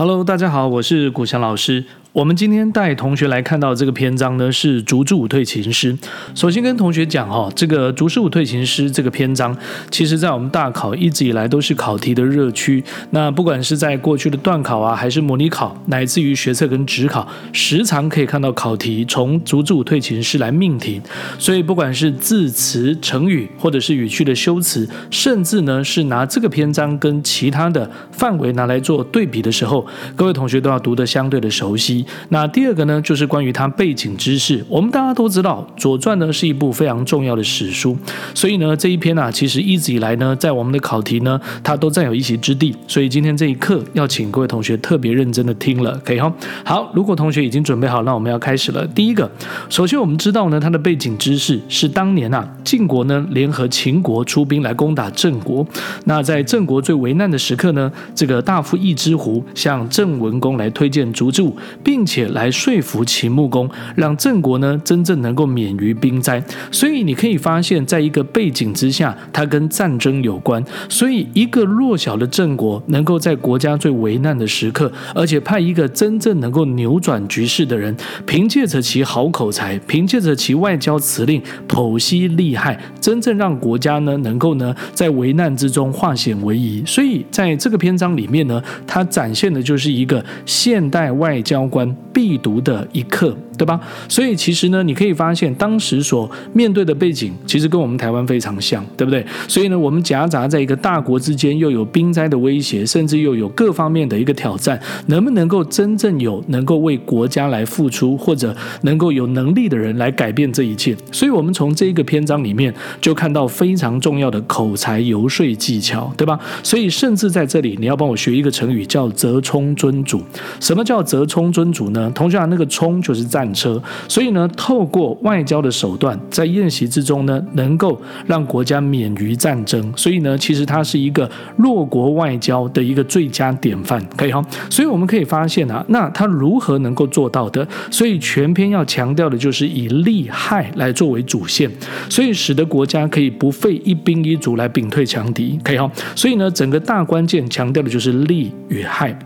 Hello，大家好，我是古翔老師。我們今天帶同學來看到這個篇章呢，是《燭之武退秦師》。首先跟同學講哈、哦，這個《燭之武退秦師》這個篇章，其實，在我們大考一直以來都是考題的熱區。那不管是在過去的段考啊，還是模擬考，乃至於學測跟指考，時常可以看到考題從《燭之武退秦師》來命題。所以，不管是字詞、成語，或者是語句的修辭，甚至呢，是拿這個篇章跟其他的範圍拿來做對比的時候，各位同學都要讀得相對的熟悉。那第二個呢，就是關於他背景知識。我們大家都知道，《左傳》呢是一部非常重要的史書，所以呢這一篇啊，其實一直以來呢，在我們的考題呢，它都占有一席之地。所以今天這一課要請各位同學特別認真的聽了，可以哈。好，如果同學已經準備好，那我們要開始了。第一個，首先我們知道呢，它的背景知識是當年啊，晉國呢聯合秦國出兵來攻打鄭國。那在鄭國最危難的時刻呢，這個大夫佚之狐向鄭文公來推薦燭之武。並且來說服秦穆公，讓鄭國呢真正能夠免於兵災。所以你可以發現，在一個背景之下，它跟戰爭有關。所以一個弱小的鄭國，能夠在國家最危難的時刻，而且派一個真正能夠扭轉局勢的人，憑借着其好口才，憑借着其外交辭令，剖析利害，真正讓國家呢能夠呢在危難之中化險為夷。所以在這個篇章裡面呢，它展現的就是一個現代外交官。我們必讀的一課。對吧？所以其實呢，你可以發現當時所面對的背景，其實跟我們台灣非常像，對不對？所以呢，我們夾雜在一個大國之間，又有兵災的威脅，甚至又有各方面的一個挑戰，能不能夠真正有能夠為國家來付出，或者能夠有能力的人來改變這一切？所以，我們從這一個篇章裡面就看到非常重要的口才遊說技巧，對吧？所以，甚至在這裡，你要幫我學一個成語，叫“折衝樽俎”。什麼叫“折衝樽俎”呢？同學啊，那個“衝”就是在車，所以呢，透過外交的手段，在宴席之中呢，能夠讓國家免於戰爭。所以呢，其實它是一個弱國外交的一個最佳典範，可以哈、哦。所以我們可以發現啊，那他如何能夠做到的？所以全篇要強調的就是以利害來作為主線，所以使得國家可以不費一兵一卒來屏退強敵，可以哈、哦。所以呢，整個大關鍵強調的就是利與害。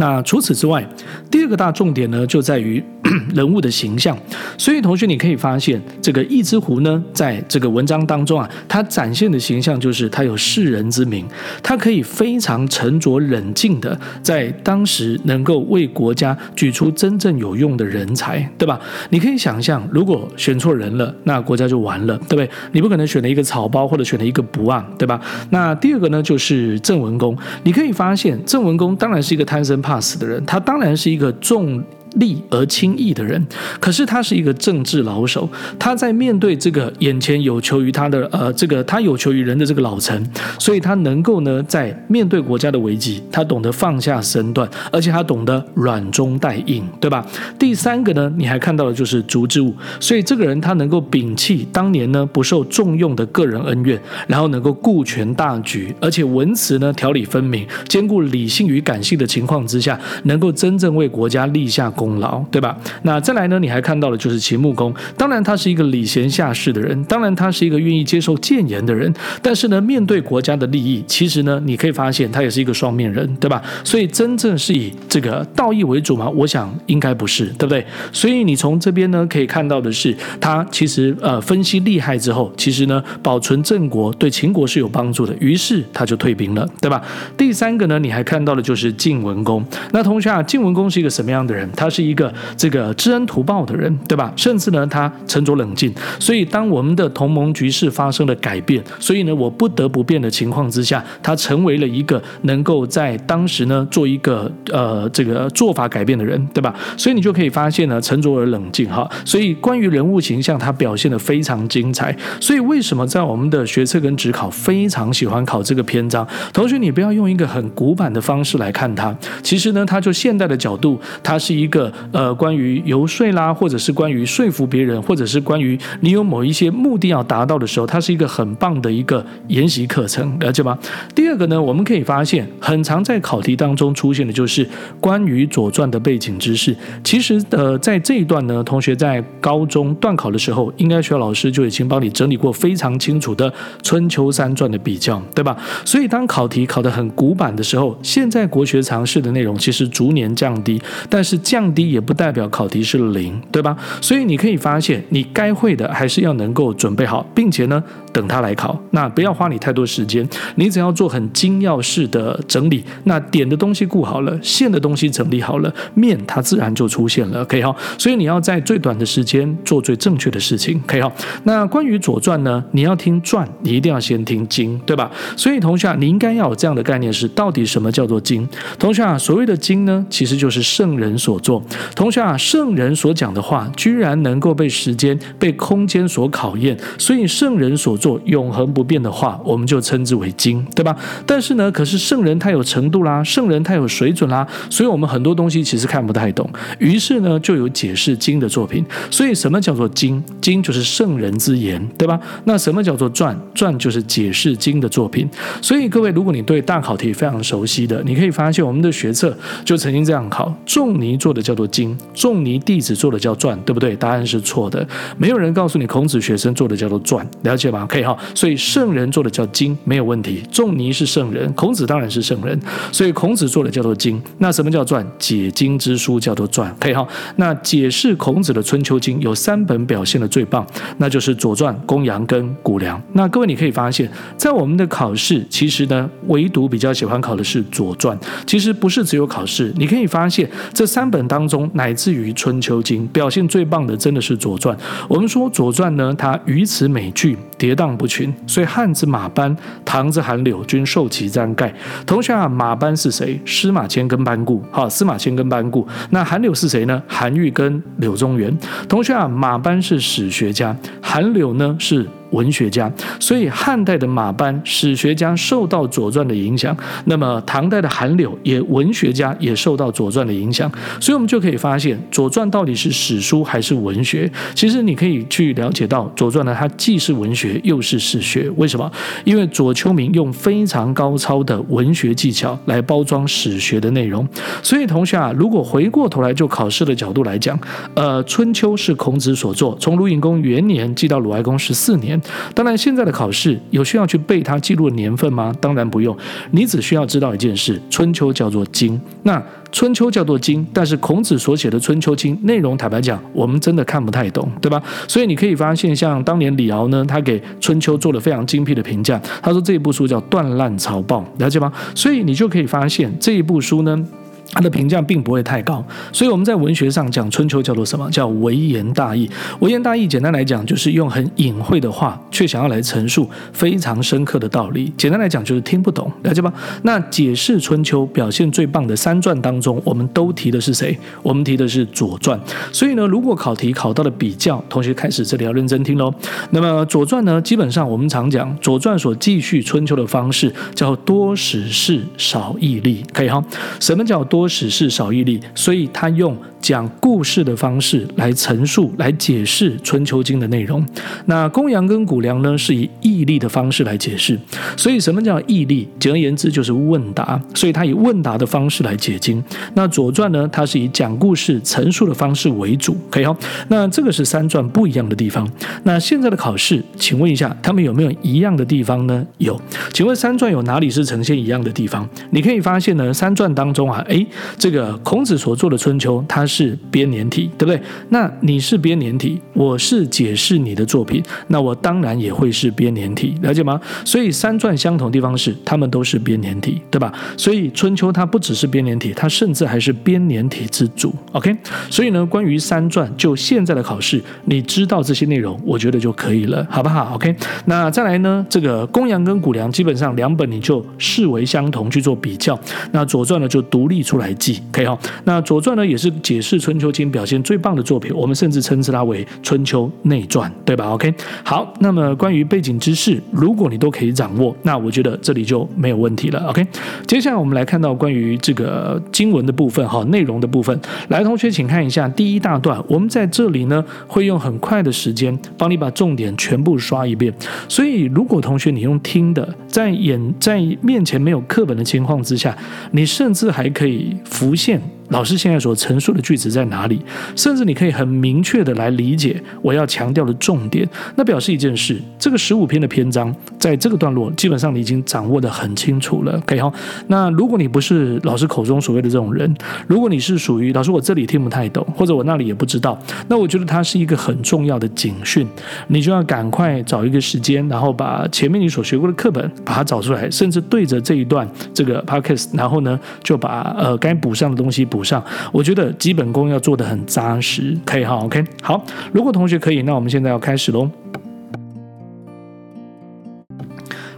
那除此之外，第二個大重點呢，就在於 人物的形象。所以同學，你可以發現這個佚之狐呢，在這個文章當中啊，它展現的形象就是他有識人之明，他可以非常沉着冷靜的在當時能夠為國家舉出真正有用的人才，對吧？你可以想象，如果選錯人了，那國家就完了，對不對？你不可能選了一個草包，或者選了一個不啊對吧？那第二個呢，就是鄭文公。你可以發現，鄭文公當然是一個貪生怕。怕死的人，他當然是一個重利而輕義的人，可是他是一個政治老手。他在面對這個眼前有求於他的，呃，這個他有求於人的這個老臣，所以他能夠呢，在面對國家的危機，他懂得放下身段，而且他懂得軟中帶硬，對吧？第三個呢，你還看到的就是燭之武，所以這個人他能夠摒棄當年呢不受重用的個人恩怨，然後能夠顧全大局，而且文辭呢條理分明，兼顧理性與感性的情況之下，能夠真正為國家立下。功勞對吧？那再來呢？你還看到的就是秦穆公。當然，他是一個禮賢下士的人，當然他是一個願意接受諫言的人。但是呢，面對國家的利益，其實呢，你可以發現他也是一個雙面人，對吧？所以真正是以這個道義為主嘛？我想應該不是，對不對？所以你從這邊呢可以看到的是，他其實呃，分析利害之後，其實呢保存鄭國對秦國是有幫助的，於是他就退兵了，對吧？第三個呢，你還看到的就是晉文公。那同學啊，晉文公是一個什麼樣的人？他是一個這個知恩圖報的人，對吧？甚至呢，他沉着冷靜。所以，當我們的同盟局勢發生了改變，所以呢，我不得不變的情況之下，他成為了一個能夠在當時呢做一個呃這個做法改變的人，對吧？所以你就可以發現呢，沉着而冷靜哈。所以關於人物形象，他表現得非常精彩。所以為什麼在我們的學測跟指考非常喜歡考這個篇章？同學，你不要用一個很古板的方式來看他。其實呢，他就現代的角度，他是一個。呃，關於遊說啦，或者是關於說服別人，或者是關於你有某一些目的要達到的時候，它是一個很棒的一個研習課程，了解嗎？第二個呢，我們可以發現，很常在考題當中出現的就是關於《左傳》的背景知識。其實，呃，在這一段呢，同學在高中段考的時候，應該學校老師就已經幫你整理過非常清楚的《春秋三傳》的比較，對吧？所以，當考題考得很古板的時候，現在國學常識的內容其實逐年降低，但是降。低也不代表考題是零，對吧？所以你可以發現，你該會的還是要能夠準備好，並且呢，等他來考。那不要花你太多時間，你只要做很精要式的整理。那點的東西固好了，線的東西整理好了，面它自然就出現了，可以哈、哦。所以你要在最短的時間做最正確的事情，可以哈、哦。那關於《左傳》呢，你要聽傳，你一定要先聽經，對吧？所以同學、啊，你應該要有這樣的概念是：是到底什麼叫做經？同學、啊，所謂的經呢，其實就是聖人所做。同學啊，聖人所講的話，居然能夠被時間、被空間所考驗，所以聖人所做永恆不變的話，我們就稱之為經，對吧？但是呢，可是聖人太有程度啦，聖人太有水準啦，所以我們很多東西其實看不太懂。於是呢，就有解釋經的作品。所以什麼叫做經？經就是聖人之言，對吧？那什麼叫做傳？傳就是解釋經的作品。所以各位，如果你對大考題非常熟悉的，你可以發現我們的學測就曾經這樣考：仲尼做的。叫做經，仲尼弟子做的叫傳，對不對？答案是錯的。沒有人告訴你孔子學生做的叫做傳，了解嗎？可以哈、哦。所以聖人做的叫經，沒有問題。仲尼是聖人，孔子當然是聖人，所以孔子做的叫做經。那什麼叫傳？解經之書叫做傳，可以哈、哦。那解釋孔子的《春秋經》有三本表現的最棒，那就是《左傳》《公羊》跟《穀梁》。那各位你可以發現，在我們的考試，其實呢，唯獨比較喜歡考的是《左傳》。其實不是只有考試，你可以發現這三本當。當中乃至於春秋經，表現最棒的真的是《左傳》。我們說《左傳》呢，它語詞美句，跌宕不群，所以漢之馬班，唐之韓柳均受其沾溉。同學啊，馬班是誰？司馬遷跟班固。好，哦，司馬遷跟班固。那韓柳是誰呢？韓愈跟柳宗元。同學啊，馬班是史學家，韓柳呢是文學家。所以漢代的馬班，史學家受到《左傳》的影響；那麼唐代的韓柳，也文學家也受到《左傳》的影響。所以，我們就可以發現，《左傳》到底是史書還是文學？其實你可以去了解到，《左傳》呢，它既是文學，又是史學，為什麼？因為左丘明用非常高超的文學技巧來包裝史學的內容。所以，同學啊，如果回過頭來就考試的角度來講，呃，《春秋》是孔子所作，從魯隱公元年記到魯哀公十四年。當然，現在的考試有需要去背他記錄的年份嗎？當然不用，你只需要知道一件事，《春秋》叫做經。那春秋叫做經，但是孔子所寫的《春秋經》內容，坦白講，我們真的看不太懂，對吧？所以你可以發現，像當年李敖呢，他給《春秋》做了非常精闢的評價，他說這一部書叫“斷爛朝報”，了解嗎？所以你就可以發現這一部書呢。他的評價並不會太高，所以我們在文學上講《春秋》叫做什麼？叫“微言大義”。“微言大義”簡單來講，就是用很隱晦的話，卻想要來陳述非常深刻的道理。簡單來講就是聽不懂，了解吧？那解釋《春秋》表現最棒的三傳當中，我們都提的是誰？我們提的是《左傳》。所以呢，如果考題考到了比較，同學開始這裡要認真聽嘍。那麼《左傳》呢，基本上我們常講，《左傳》所記敘《春秋》的方式叫“多史事，少義例”。可以哈？什麼叫多？多時事少毅力，所以他用講故事的方式來陳述、來解釋《春秋經》的內容。那公羊跟谷梁呢，是以義例的方式來解釋。所以，什麼叫義例？簡而言之，就是問答。所以，他以問答的方式來解經。那《左傳》呢，它是以講故事、陳述的方式為主，可以哈、哦。那這個是三傳不一樣的地方。那現在的考試，請問一下，他們有沒有一樣的地方呢？有，請問三傳有哪裡是呈現一樣的地方？你可以發現呢，三傳當中啊，誒，這個孔子所作的《春秋》，它。是編年體，對不對？那你是編年體，我是解釋你的作品，那我當然也會是編年體，了解嗎？所以三傳相同的地方是，他們都是編年體，對吧？所以春秋它不只是編年體，它甚至還是編年體之祖。OK，所以呢，關於三傳，就現在的考試，你知道這些內容，我覺得就可以了，好不好？OK，那再來呢，這個公羊跟穀梁基本上兩本你就視為相同去做比較，那左傳呢就獨立出來記。OK 哈，那左傳呢也是解。是春秋經表現最棒的作品，我們甚至稱之它為《春秋內傳》，對吧？OK，好，那麼關於背景知識，如果你都可以掌握，那我覺得這裡就沒有問題了。OK，接下來我們來看到關於這個經文的部分哈，內容的部分。來，同學，請看一下第一大段。我們在這裡呢，會用很快的時間幫你把重點全部刷一遍。所以，如果同學你用聽的，在眼在面前沒有課本的情況之下，你甚至還可以浮現。老師現在所陳述的句子在哪裡？甚至你可以很明確的來理解我要強調的重點。那表示一件事，這個十五篇的篇章在這個段落基本上你已經掌握得很清楚了。OK 哈、哦，那如果你不是老師口中所謂的這種人，如果你是屬於老師，我這裡聽不太懂，或者我那裡也不知道，那我覺得它是一個很重要的警訊，你就要趕快找一個時間，然後把前面你所學過的課本把它找出來，甚至對着這一段這個 podcast，然後呢就把呃該補上的東西補。補上，我覺得基本功要做得很扎實，可以哈，OK，好，如果同學可以，那我們現在要開始嘍。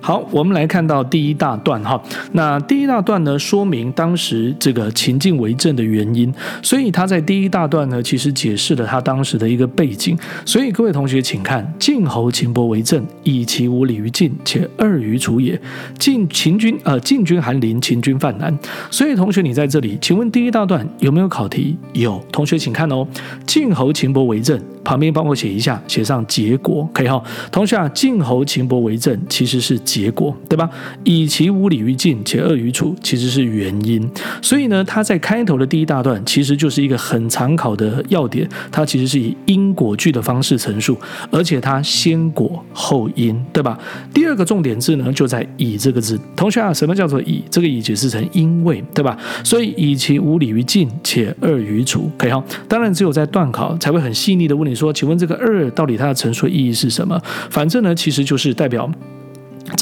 好，我們來看到第一大段哈。那第一大段呢，說明當時這個秦晉圍鄭的原因。所以他在第一大段呢，其實解釋了他當時的一個背景。所以各位同學，請看，晉侯秦伯圍鄭，以其無禮於晉，且貳於楚也。晉秦軍呃，晉軍函陵，秦軍氾南。所以同學你在這裡，請問第一大段有沒有考題？有，同學請看哦。晉侯秦伯圍鄭，旁邊幫我寫一下，寫上結果，可以哈、哦。同學啊，晉侯秦伯圍鄭其實是。結果，對吧？以其無禮於晉且貳於楚，其實是原因。所以呢，它在開頭的第一大段，其實就是一個很常考的要點。它其實是以因果句的方式陳述，而且它先果後因，對吧？第二個重點字呢，就在“以”這個字。同學啊，什麼叫做“以”？這個“以”解釋成因為，對吧？所以以其無禮於晉且貳於楚，可以哈、哦。當然，只有在段考才會很細膩的問你說，請問這個“二”到底它的陳述意義是什麼？反正呢，其實就是代表。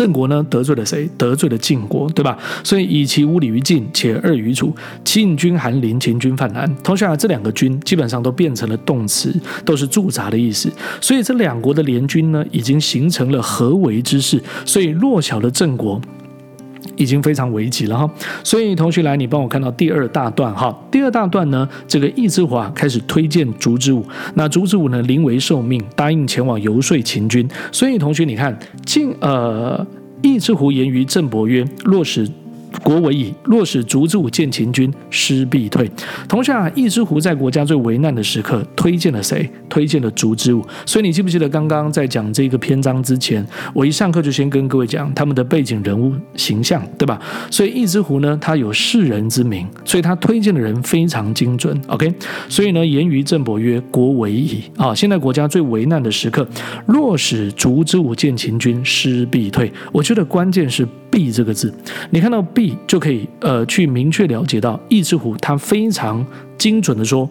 鄭國呢，得罪了誰？得罪了晉國，對吧？所以以其無禮於晉，且貳於楚，晉軍函陵，秦軍氾南。同學們、啊，這兩個軍基本上都變成了動詞，都是駐紮的意思。所以這兩國的聯軍呢，已經形成了合圍之勢。所以弱小的鄭國已經非常危急了哈，所以同學來，你幫我看到第二大段哈。第二大段呢，這個佚之狐、啊、開始推薦燭之武，那燭之武呢，臨危受命，答應前往游說秦軍。所以同學，你看，晉呃，佚之狐言於鄭伯曰：“若使。”國危矣，若使燭之武見秦君，師必退。同學啊，佚之狐在國家最危難的時刻推薦了誰？推薦了燭之武。所以你記不記得剛剛在講這個篇章之前，我一上課就先跟各位講他們的背景人物形象，對吧？所以佚之狐呢，他有識人之明，所以他推薦的人非常精準。OK，所以呢，言於鄭伯曰：“國危矣啊，現在國家最危難的時刻，若使燭之武見秦君，師必退。”我覺得關鍵是“必”這個字，你看到“可就可以呃，去明確了解到，佚之狐他非常精準的說。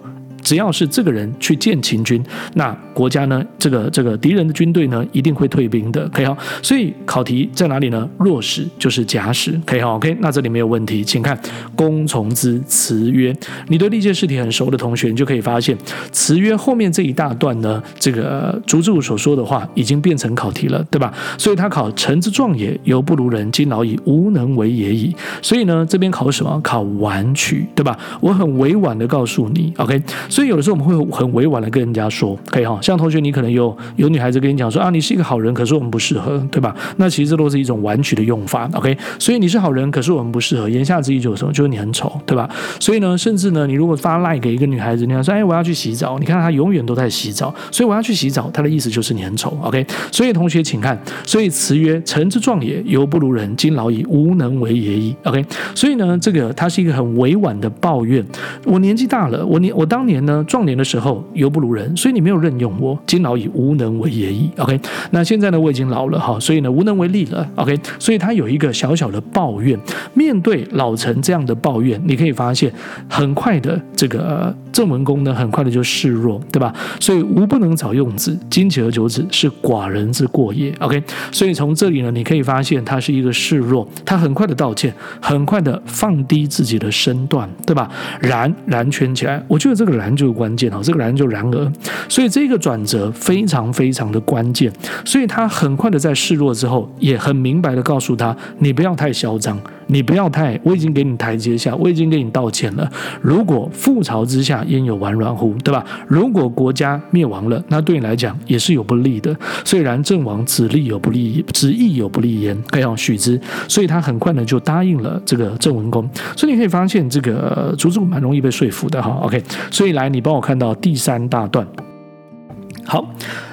只要是這個人去見秦軍，那國家呢？這個這個敵人的軍隊呢，一定會退兵的。可以哈，所以考題在哪裡呢？若使就是假使，可以哈。OK，那這裡沒有問題。請看公從之辭曰：“你對歷屆試題很熟的同學，你就可以發現辭曰後面這一大段呢，這個燭之武所說的話已經變成考題了，對吧？所以他考臣之壯也，猶不如人；今老矣，無能為也矣。所以呢，這邊考什麼？考婉曲，對吧？我很委婉的告訴你，OK。所以有的時候我們會很委婉的跟人家說，可以哈，okay, 像同學，你可能有有女孩子跟你講說啊，你是一個好人，可是我們不適合，對吧？那其實這都是一種婉曲的用法，OK。所以你是好人，可是我們不適合。言下之意就是什麼？就是你很醜，對吧？所以呢，甚至呢，你如果發 LINE 給一個女孩子，你要說哎，我要去洗澡，你看她永遠都在洗澡，所以我要去洗澡。她的意思就是你很醜，OK。所以同學，請看，所以辭曰：“臣之壯也，猶不如人；今老矣，無能為也已。o、okay? k 所以呢，這個他是一個很委婉的抱怨。我年紀大了，我年我當年。呢，壯年的時候猶不如人，所以你沒有任用我。今老矣，無能為也已。OK，那現在呢，我已經老了哈，所以呢，無能為力了。OK，所以他有一個小小的抱怨。面對老臣這樣的抱怨，你可以發現，很快的這個鄭、呃、文公呢，很快的就示弱，對吧？所以吾不能早用子，今急而求子，是寡人之過也。OK，所以從這裡呢，你可以發現他是一個示弱，他很快的道歉，很快的放低自己的身段，對吧？然然圈起來，我覺得這個然。就是關鍵哈，這個然就然而，所以這個轉折非常非常的關鍵，所以他很快的在示弱之後，也很明白的告訴他：“你不要太囂張。”你不要太，我已經給你台階下，我已經給你道歉了。如果覆巢之下焉有完卵乎，對吧？如果國家滅亡了，那對你來講也是有不利的。雖然鄭王子立有不利，子亦有不利焉，蓋讓許之。所以他很快呢就答應了這個鄭文公。所以你可以發現這個燭之武蠻容易被說服的哈、哦。OK，所以來，你幫我看到第三大段，好。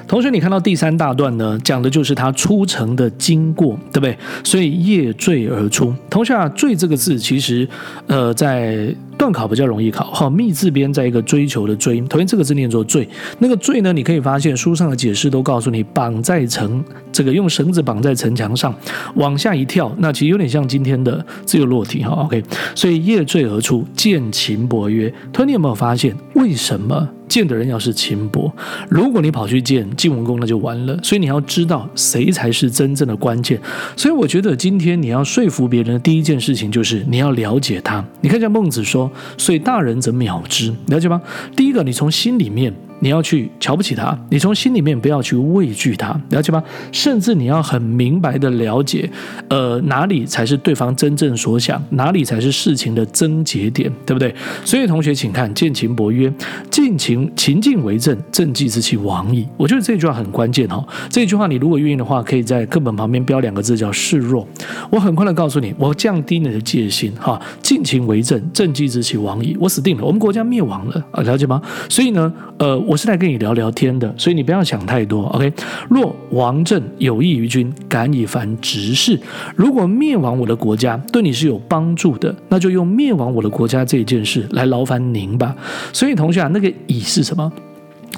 同學，你看到第三大段呢，講的就是他出城的經過，對不對？所以夜縋而出。同學啊，縋這個字其實，呃，在段考比較容易考。好、哦，密字邊在一個追求的追。同學，這個字念作縋。那個縋呢，你可以發現書上的解釋都告訴你綁在城。這個用繩子綁在城牆上，往下一跳，那其實有點像今天的自由落體哈。OK，所以夜縋而出，見秦伯曰。他說：“你有沒有發現，為什麼見的人要是秦伯？如果你跑去見晉文公，那就完了。所以你要知道誰才是真正的關鍵。所以我覺得今天你要說服別人的第一件事情，就是你要了解他。你看一下孟子說，所以大人則藐之，了解嗎？第一個，你從心裡面。”你要去瞧不起他，你從心裡面不要去畏懼他，了解嗎？甚至你要很明白的了解，呃，哪裡才是對方真正所想，哪裡才是事情的癥結點，對不對？所以同學，請看見秦伯曰：“秦晉秦晉圍鄭，鄭既知其亡矣。”我覺得這句話很關鍵哈、哦。這句話你如果願意的話，可以在課本旁邊標兩個字叫示弱。我很快的告訴你，我降低你的戒心哈。秦晉圍鄭，鄭既知其亡矣，我死定了，我們國家滅亡了啊！了解嗎？所以呢，呃。我是來跟你聊聊天的，所以你不要想太多，OK？若亡鄭有益於君，敢以煩執事。如果滅亡我的國家對你是有幫助的，那就用滅亡我的國家這一件事來勞煩您吧。所以同學啊，那個以是什麼？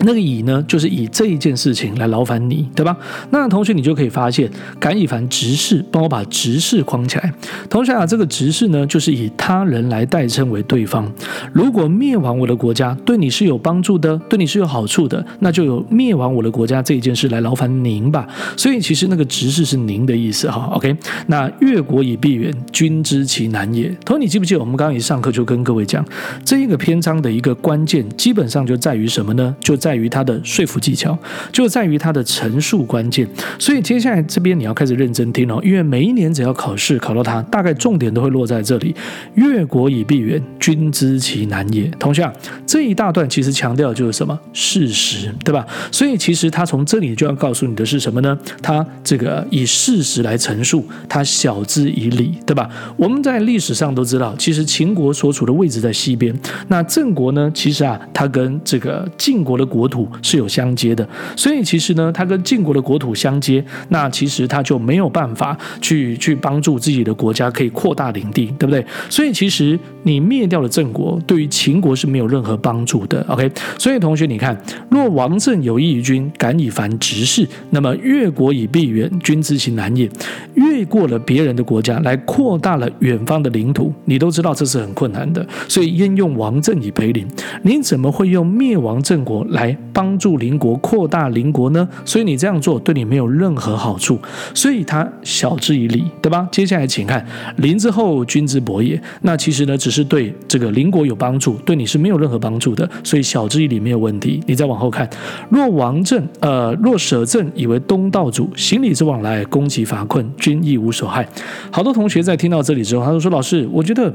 那個以呢，就是以這一件事情來勞煩你，對吧？那同學，你就可以發現，敢以煩執事，幫我把執事框起來。同學啊，這個執事呢，就是以他人來代稱為對方。如果滅亡我的國家，對你是有幫助的，對你是有好處的，那就有滅亡我的國家這一件事來勞煩您吧。所以其實那個執事是您的意思哈、哦。OK，那越國以鄙遠，君知其難也。同學，你記不記得我們剛剛一上課就跟各位講，這一個篇章的一個關鍵，基本上就在於什麼呢？就在在於他的說服技巧，就在於他的陳述關鍵。所以接下來這邊你要開始認真聽哦，因為每一年只要考試考到他，大概重點都會落在這裡。越國以鄙遠，君知其難也。同學啊，這一大段其實強調的就是什麼事實，對吧？所以其實他從這裡就要告訴你的是什麼呢？他這個以事實來陳述，他曉之以理，對吧？我們在歷史上都知道，其實秦國所處的位置在西邊，那鄭國呢？其實啊，他跟這個晉國的國國土是有相接的，所以其實呢，它跟晉國的國土相接，那其實它就沒有辦法去去幫助自己的國家可以擴大領地，對不對？所以其實你滅掉了鄭國，對於秦國是沒有任何幫助的。OK，所以同學你看，若亡鄭有益於君，敢以煩執事，那麼越國以鄙遠，君知其難也。越過了別人的國家來擴大了遠方的領土，你都知道這是很困難的。所以焉用亡鄭以陪鄰？你怎麼會用滅亡鄭國來？幫助鄰國擴大鄰國呢，所以你這樣做對你沒有任何好處，所以他曉之以理，對吧？接下來請看，鄰之厚，君之薄也。那其實呢，只是對這個鄰國有幫助，對你是沒有任何幫助的。所以曉之以理沒有問題。你再往後看，若亡鄭，呃，若舍鄭以為東道主，行李之往來，攻其乏困，君亦無所害。好多同學在聽到這裡之後，他就說說老師，我覺得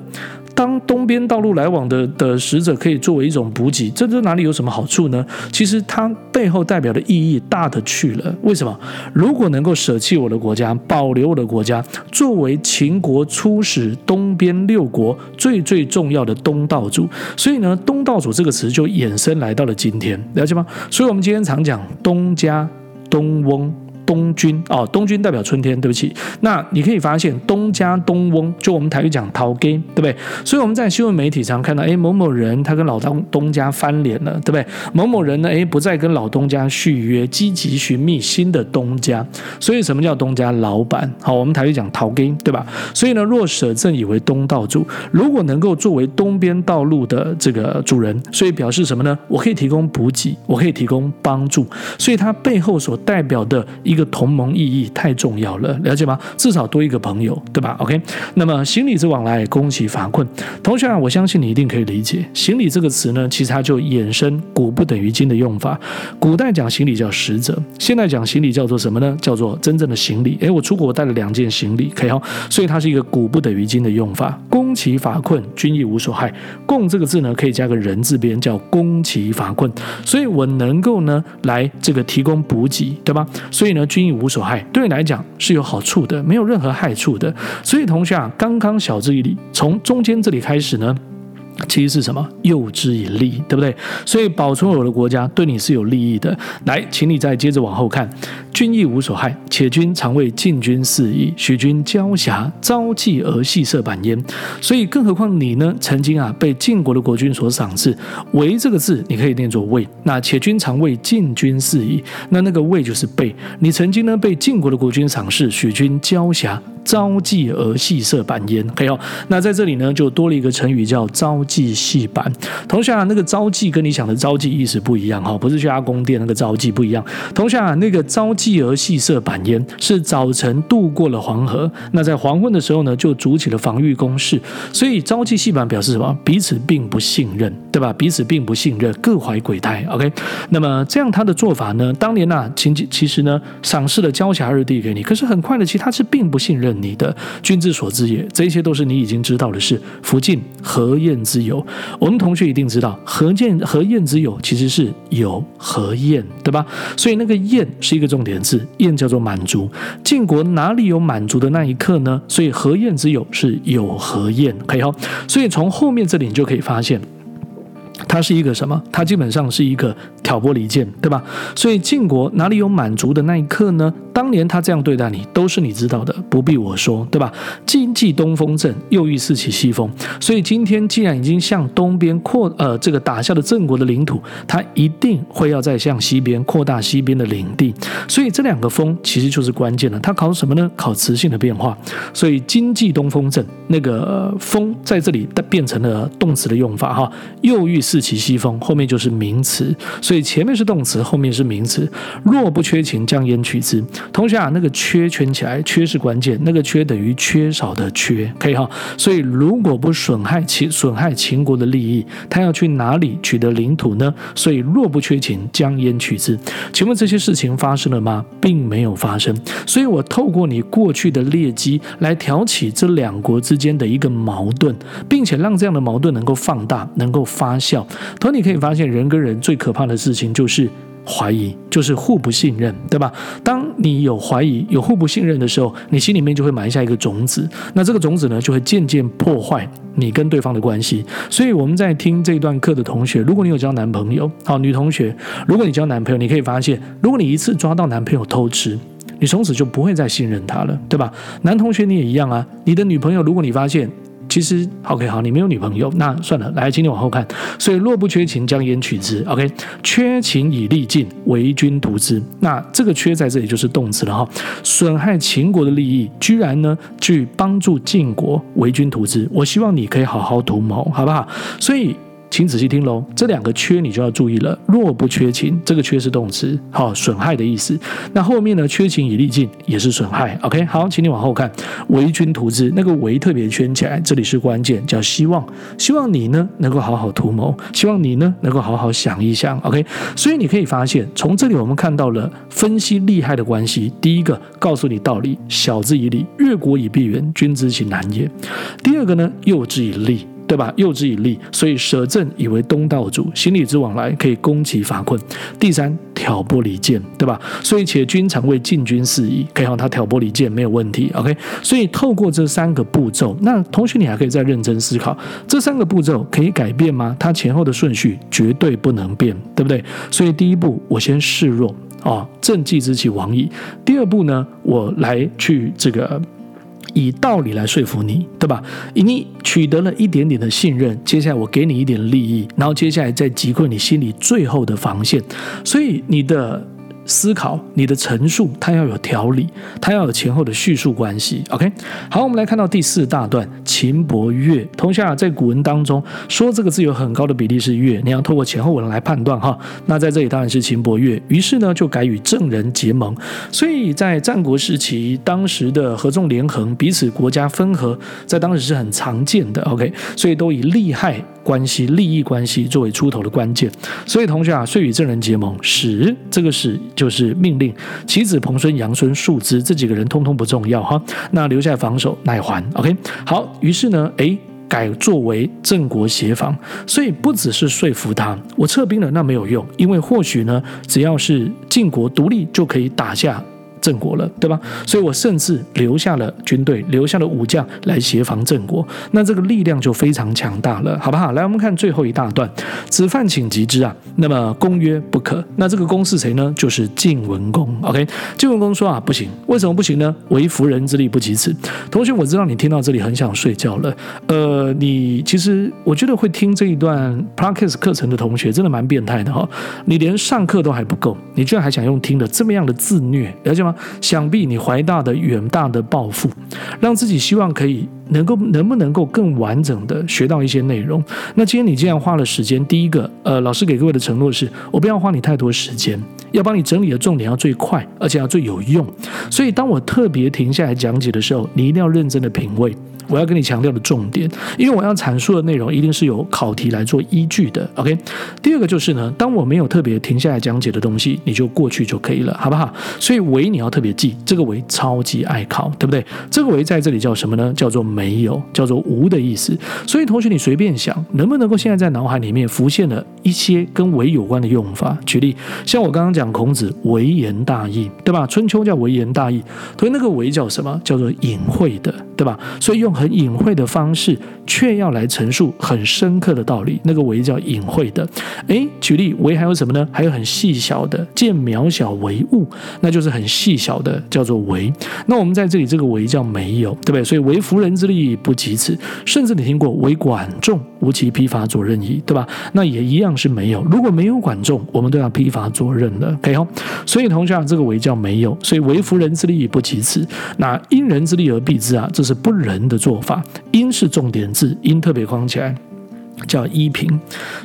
當東邊道路來往的的使者可以作為一種補給，這這哪裡有什麼好處呢？其實它背後代表的意義大得去了。為什麼？如果能夠舍棄我的國家，保留我的國家，作為秦國出使東邊六國最最重要的東道主，所以呢，東道主這個詞就衍生來到了今天，了解嗎？所以我們今天常講東家、東翁。東君哦，東君代表春天，對不起。那你可以發現，東家、東翁，就我們台語講淘 g 對不對？所以我們在新聞媒體上看到，哎、欸，某某人他跟老東東家翻臉了，對不對？某某人呢，哎、欸，不再跟老東家續約，積極尋覓新的東家。所以，什麼叫東家老板？好，我們台語講淘 g 對吧？所以呢，若捨正以為東道主，如果能夠作為東邊道路的這個主人，所以表示什麼呢？我可以提供補給，我可以提供幫助。所以它背後所代表的。一個同盟意義太重要了，了解嗎？至少多一個朋友，對吧？OK，那麼行李之往來，共其乏困。同學啊，我相信你一定可以理解“行李”這個詞呢。其實它就衍生“古不等於今”的用法。古代講行李叫使者，現在講行李叫做什麼呢？叫做真正的行李。哎，我出國帶了兩件行李，可以哈、哦。所以它是一個“古不等於今”的用法。共其乏困，君亦無所害。共這個字呢，可以加個人字邊，叫供其乏困。所以我能夠呢，來這個提供補給，對吧？所以呢。君亦無所害，對你來講是有好處的，沒有任何害處的。所以，同學啊，剛剛曉之以理，從中間這裡開始呢。其實是什麼？誘之以利，對不對？所以保存我的國家，對你是有利益的。來，請你再接着往後看。君亦無所害，且君嘗為晉君賜矣。許君焦瑕，朝濟而夕設版焉。所以，更何況你呢？曾經啊，被晉國的國君所賞識。為這個字，你可以念作為。那且君嘗為晉君賜矣，那那個為就是被。你曾經呢，被晉國的國君賞識。許君焦瑕，朝濟而夕設版焉。可以哦。那在這裡呢，就多了一個成語，叫朝。夕設版，同學啊，那個朝濟跟你想的朝濟意思不一樣哈、哦，不是去阿宮殿那個朝濟不一樣。同學啊，那個朝濟而夕設版焉，是早晨渡過了黃河，那在黃昏的時候呢，就築起了防禦工事。所以朝濟夕版表示什麼？彼此並不信任，對吧？彼此並不信任，各懷鬼胎。OK，那麼這樣他的做法呢？當年呢、啊，其實呢，賞賜了焦瑕二邑給你，可是很快的其實他是並不信任你的。君之所知也，這些都是你已經知道的事。夫晉，何厭之之有，我們同學一定知道“何見何厭之有”其實是“有何厭”，對吧？所以那個“厭”是一個重點字，“厭”叫做滿足。晉國哪裡有滿足的那一刻呢？所以“何厭之有”是有何厭，可以哈、哦。所以從後面這裡你就可以發現，它是一個什麼？它基本上是一個挑撥離間，對吧？所以晉國哪裡有滿足的那一刻呢？當年他這樣對待你，都是你知道的。不必我說，對吧？既東封鄭，又欲肆其西封。所以今天既然已經向東邊擴，呃，這個打下的鄭國的領土，它一定會要再向西邊擴大西邊的領地。所以這兩個風其實就是關鍵的，它考什麼呢？考詞性的變化。所以既東封鄭，那個、呃、風在這裡變成了動詞的用法，哈、哦。又欲肆其西封，後面就是名詞。所以前面是動詞，後面是名詞。若不闕秦，將焉取之？同學啊，那個缺圈起來，缺是關鍵。那個缺等於缺少的缺，可以哈。所以如果不損害秦，損害秦國的利益，他要去哪裡取得領土呢？所以若不缺秦，將焉取之？請問這些事情發生了嗎？並沒有發生。所以，我透過你過去的劣迹來挑起這兩國之間的一個矛盾，並且讓這樣的矛盾能夠放大，能夠發酵。同你可以發現，人跟人最可怕的事情就是。懷疑就是互不信任，對吧？當你有懷疑、有互不信任的時候，你心裡面就會埋下一個種子。那這個種子呢，就會漸漸破壞你跟對方的關係。所以我們在聽這段課的同學，如果你有交男朋友，好、哦，女同學，如果你交男朋友，你可以發現，如果你一次抓到男朋友偷吃，你從此就不會再信任他了，對吧？男同學你也一樣啊，你的女朋友，如果你發現。其實，OK，好，你沒有女朋友，那算了。來，請你往後看。所以，若不闕秦，將焉取之？OK，闕秦以利晉，為君圖之。那這個闕在這裡就是動詞了哈，損害秦國的利益，居然呢去幫助晉國為君圖之。我希望你可以好好圖謀，好不好？所以。請仔細聽嘍，這兩個缺你就要注意了。若不闕秦，這個缺是動詞，好損害的意思。那後面呢，闕秦以利晉也是損害。OK，好，請你往後看。唯君圖之，那個唯特別圈起來，這裡是關鍵，叫希望。希望你呢能夠好好圖謀，希望你呢能夠好好想一想。OK，所以你可以發現，從這裡我們看到了分析利害的關係。第一個告訴你道理，曉之以理，越國以鄙遠，君知其難也。第二個呢，誘之以利。對吧？誘之以利，所以舍鄭以為東道主，行李之往來，可以共其乏困。第三，挑撥離間，對吧？所以且君嘗為晉君示意，可以讓他挑撥離間，沒有問題。OK。所以透過這三個步驟，那同學你還可以再認真思考，這三個步驟可以改變嗎？它前後的順序絕對不能變，對不對？所以第一步我先示弱啊，鄭既知其亡矣。第二步呢，我來去這個。以道理來說服你，對吧？你取得了一點點的信任，接下來我給你一點利益，然後接下來再擊潰你心裡最後的防線。所以你的思考、你的陳述，它要有條理，它要有前後的敘述關係。OK，好，我們來看到第四大段。秦伯悅，同樣在古文當中說這個字有很高的比例是悅，你要透過前後文來判斷哈。那在這裡當然是秦伯悅，於是呢就改與鄭人結盟。所以在戰國時期，當時的合縱連橫、彼此國家分合，在當時是很常見的。OK，所以都以利害。關係、利益關係作為出頭的關鍵，所以同學啊，遂與鄭人結盟。使這個使就是命令，其子彭孫、楊孫、庶子這幾個人通通不重要哈。那留下防守，乃還。OK，好，於是呢，哎、欸，改作為鄭國協防。所以不只是說服他，我撤兵了那沒有用，因為或許呢，只要是晉國獨立就可以打下。鄭國了，對吧？所以我甚至留下了軍隊，留下了武將來協防鄭國，那這個力量就非常強大了，好不好？來，我們看最後一大段，子犯請擊之啊。那麼公曰不可。那這個公是誰呢？就是晉文公。OK，晉文公說啊，不行。為什麼不行呢？微夫人之力不及此。同學，我知道你聽到這裡很想睡覺了。呃，你其實我覺得會聽這一段 practice 課程的同學，真的蠻變態的哈、哦。你連上課都還不夠，你居然還想用聽的這麼樣的自虐，了解嗎？想必你懷大的遠大的抱負，讓自己希望可以能夠能不能夠更完整的學到一些內容。那今天你既然花了時間，第一個，呃，老師給各位的承諾是我不要花你太多時間，要幫你整理的重點要最快，而且要最有用。所以當我特別停下來講解的時候，你一定要認真的品味。我要跟你強調的重點，因為我要闡述的內容一定是有考題來做依據的，OK？第二個就是呢，當我沒有特別停下來講解的東西，你就過去就可以了，好不好？所以微你要特別記，這個微超級愛考，對不對？這個微在這裡叫什麼呢？叫做沒有，叫做無的意思。所以同學，你隨便想，能不能夠現在在腦海裡面浮現了一些跟微有關的用法？舉例，像我剛剛講孔子微言大義，對吧？春秋叫微言大義，所以那個微叫什麼？叫做隱晦的，對吧？所以用。很隱晦的方式，卻要來陳述很深刻的道理。那個“微”叫隱晦的。誒，舉例“微”還有什麼呢？還有很細小的，見渺小微物，那就是很細小的，叫做“微”。那我們在這裡，這個“微”叫沒有，對不對？所以“微夫人之力不及此”，甚至你聽過“微管仲吾其被髮左衽矣”，對吧？那也一樣是沒有。如果沒有管仲，我們都要被髮左衽了。可以哦。所以，同學啊，這個“微”叫沒有，所以“微夫人之力不及此”。那因人之力而敝之啊，這是不仁的。做法，因是重點字，因特別框起來，叫依憑。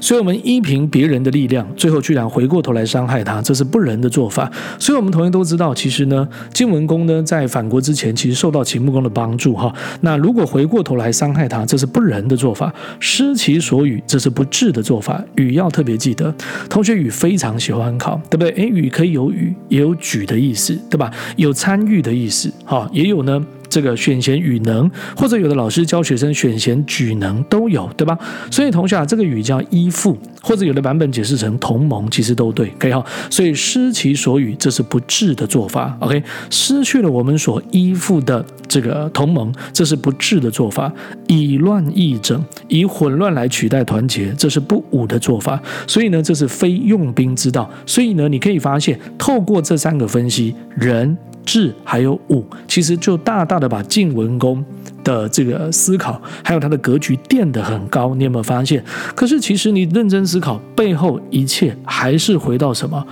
所以，我們依憑別人的力量，最後居然回過頭來傷害他，這是不仁的做法。所以，我們同學都知道，其實呢，晉文公呢在返國之前，其實受到秦穆公的幫助，哈、哦。那如果回過頭來傷害他，這是不仁的做法。失其所與，這是不智的做法。與要特別記得，同學與非常喜歡考，對不對？誒，與可以有與，也有舉的意思，對吧？有參與的意思，哈、哦，也有呢。這個選賢與能，或者有的老師教學生選賢舉能都有，對吧？所以同學啊，這個“與”叫依附，或者有的版本解釋成同盟，其實都對，可以哈、哦。所以失其所與，這是不智的做法。OK，失去了我們所依附的這個同盟，這是不智的做法。以亂易整，以混亂來取代團結，這是不武的做法。所以呢，這是非用兵之道。所以呢，你可以發現，透過這三個分析，人。智還有武，其實就大大的把晉文公的這個思考，還有他的格局墊得很高。你有沒有發現？可是其實你認真思考，背後一切還是回到什麼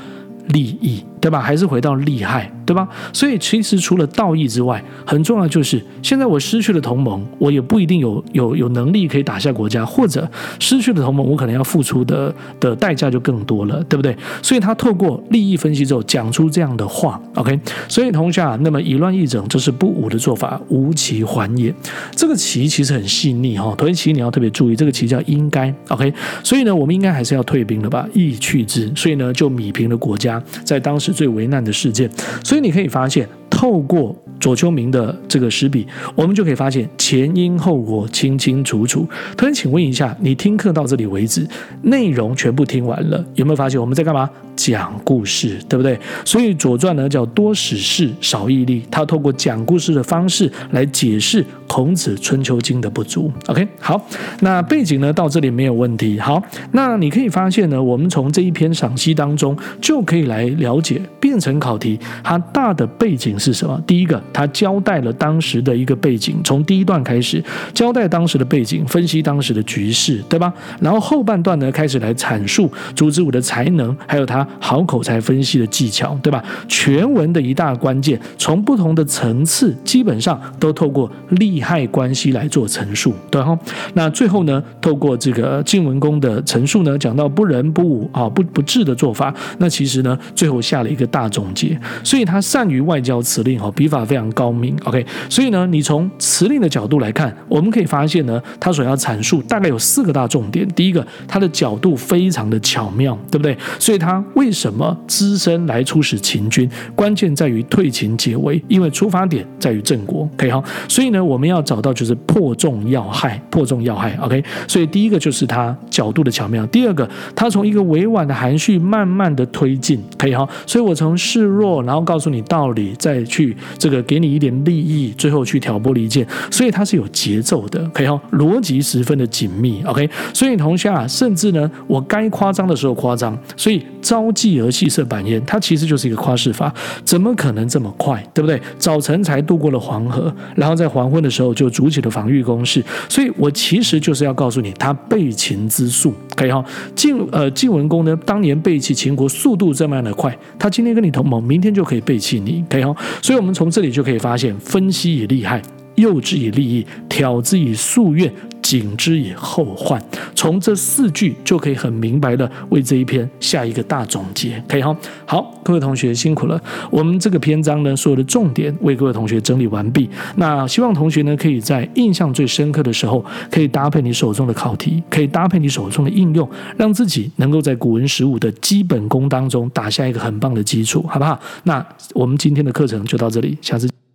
利益？對吧？還是回到利害，對吧？所以其實除了道義之外，很重要就是現在我失去了同盟，我也不一定有有有能力可以打下國家，或者失去了同盟，我可能要付出的的代價就更多了，對不對？所以他透過利益分析之後講出這樣的話。OK，所以同學、啊，那麼以亂易整，這是不武的做法，吾其還也。這個“其其實很細膩哈、哦，同一“其你要特別注意，這個“其叫應該。OK，所以呢，我們應該還是要退兵的吧？亦去之。所以呢，就米平的國家在當時。最為難的事件，所以你可以發現，透過。左丘明的這個史筆，我們就可以發現前因後果清清楚楚。同學，請問一下，你聽課到這裡為止，內容全部聽完了，有沒有發現我們在幹嘛？講故事，對不對？所以《左傳》呢叫多史事少，少義例，它透過講故事的方式來解釋《孔子春秋經》的不足。OK，好，那背景呢到這裡沒有問題。好，那你可以發現呢，我們從這一篇賞析當中就可以來了解，變成考題它大的背景是什麼？第一個。他交代了當時的一個背景，從第一段開始交代當時的背景，分析當時的局勢，對吧？然後後半段呢，開始來闡述燭之武的才能，還有他好口才分析的技巧，對吧？全文的一大關鍵，從不同的層次，基本上都透過利害關係來做陳述，對哈、哦。那最後呢，透過這個晉文公的陳述呢，講到不仁不武啊、哦，不不智的做法，那其實呢，最後下了一個大總結。所以他善於外交辭令，哈、哦，筆法非。非常高明，OK，所以呢，你從辭令的角度來看，我們可以發現呢，他所要闡述大概有四個大重點。第一個，他的角度非常的巧妙，對不對？所以，他為什麼隻身來出使秦軍？關鍵在於退秦結威，因為出發點在於鄭國，可以哈。所以呢，我們要找到就是破重要害，破重要害，OK。所以第一個就是他角度的巧妙，第二個，他從一個委婉的含蓄慢慢的推進，可以哈。所以我從示弱，然後告訴你道理，再去這個。給你一點利益，最後去挑撥離間，所以它是有節奏的，可以哈、哦，邏輯十分的緊密，OK。所以同學啊，甚至呢，我該誇張的時候誇張，所以朝濟而夕設版焉，它其實就是一個誇飾法，怎麼可能這麼快，對不對？早晨才渡過了黃河，然後在黃昏的時候就築起了防禦工事。所以我其實就是要告訴你，他背秦之速，可以哈、哦，晉呃晉文公呢，當年背棄秦國速度這麼樣的快，他今天跟你同盟，明天就可以背棄你，可以哈、哦，所以我們從這裡。就可以發現，分之以利害，誘之以利益，挑之以夙願，謹之以後患。從這四句就可以很明白地為這一篇下一個大總結，可以哈。好，各位同學辛苦了。我們這個篇章呢，所有的重點為各位同學整理完畢。那希望同學呢，可以在印象最深刻的時候，可以搭配你手中的考題，可以搭配你手中的應用，讓自己能夠在古文十五的基本功當中打下一個很棒的基礎，好不好？那我們今天的課程就到這裡，下次見。